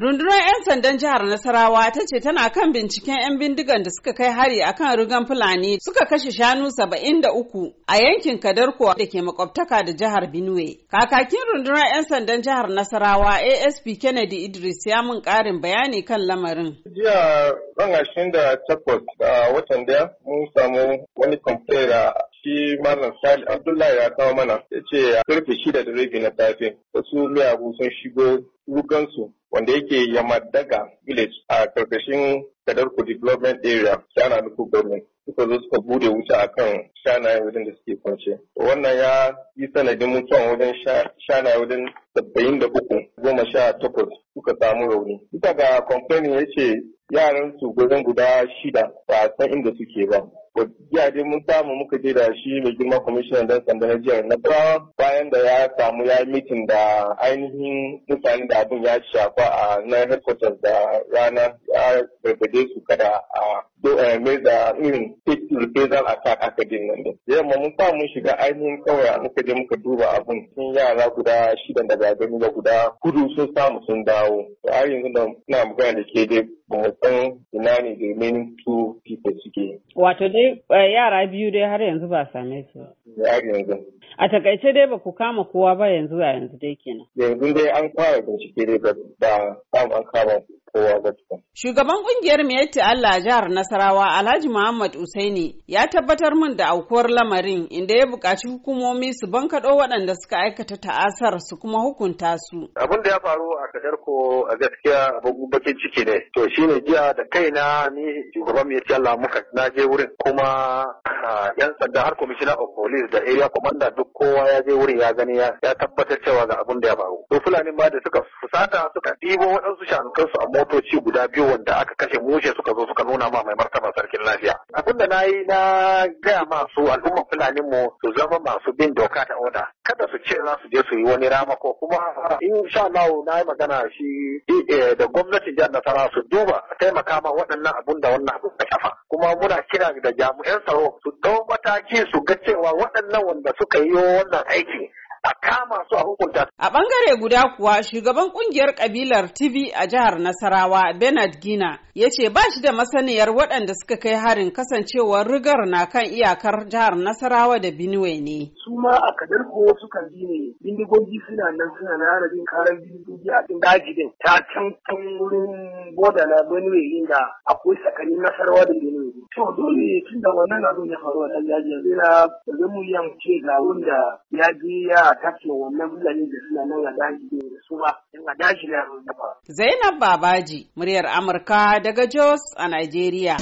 Rundunar 'yan sandan jihar Nasarawa ta ce tana kan binciken 'yan bindigan da suka kai hari a kan rigan Fulani suka kashe shanu saba'in da uku a yankin Kadarko da ke makwabtaka da jihar Benue. Kakakin rundunar 'yan sandan jihar Nasarawa ASP Kennedy Idris ya mun karin bayani kan lamarin. Jiya ran da a watan daya mun samu wani kwamfera shi malam sali abdullahi ya kawo mana ya ce karfe shida da rabi na safe wasu miyagu sun shigo rugansu wanda yake yamadaga village a karkashin kadarku development area shana nuku government suka zo suka bude wuta kan shanaye wajen da suke kwance wannan ya yi sanadin mutuwan wajen shanaye wajen sabba'in da uku goma sha takwas suka samu rauni bisa ga kwamfani ya ce yaran su guda shida ba a san inda suke ba jiya dai mun samu muka je da shi mai girma kwamishinan dan sanda na jihar Nasarawa bayan da ya samu ya yi mitin da ainihin mutane da abin ya shafa a na headquarters da rana ya gargade su kada a eh, mai da irin take reprisal attack aka din nan da yamma mun samu mun shiga ainihin kawai muka je muka duba abin sun yara guda shidan daga ba gani ba guda kudu sun samu sun dawo a yanzu da muna magana da ke dai ba san ina ne remaining two people suke. Wato dai eh, yara biyu dai har yanzu ba same su. Har yanzu. A takaice dai ba ku kama kowa ba yanzu a yanzu dai kenan. Yanzu dai an fara bincike ne ba ba an kama kowa ba Shugaban kungiyar Miyatti Allah jihar Nasarawa Alhaji Muhammad Usaini ya tabbatar min da aukuwar lamarin inda ya buƙaci hukumomi su bankaɗo waɗanda suka aikata ta'asar su kuma hukunta su. Abin da ya faru a Kadarko a gaskiya bakin ciki ne. To shine jiya da kaina ni shugaban Miyatti Allah muka na je wurin kuma yan sanda har komishina of police da area commander duk kowa ya je wurin ya gani ya tabbatar cewa ga abin da ya faru to fulani ma da suka fusata suka ɗibo waɗansu shanukansu a motoci guda biyu wanda aka kashe mushe suka zo suka nuna ma mai martaba sarkin lafiya abin da na yi na gaya masu al'umman fulani mu su zama masu bin doka ta oda kada su ce za su je su yi wani ko kuma in sha Allah na yi magana shi eh, da gwamnatin jihar Nasarawa su duba taimaka ma waɗannan abun da wannan abun ya shafa muna kira da jami'an tsaro su dau mataki su ga cewa waɗannan wanda suka yi wannan aiki a kama su a hukunta. A bangare guda kuwa shugaban kungiyar kabilar TV a jihar Nasarawa Bernard Gina ya ce ba shi da masaniyar waɗanda suka kai harin kasancewar rigar na kan iyakar jihar Nasarawa da Benue ne. Su ma a kadar ko sukan bi ne bindigogi suna nan suna na harabin karar bindigogi a cikin daji din ta can kan wurin boda na Benue inda akwai tsakanin Nasarawa da Benue. To dole tun da wannan abin ya faru a ɗan jajiyar, yanzu na zai mu yamce ga wanda ya je ya wannan Zainab Babaji muryar Amurka daga Jos a Najeriya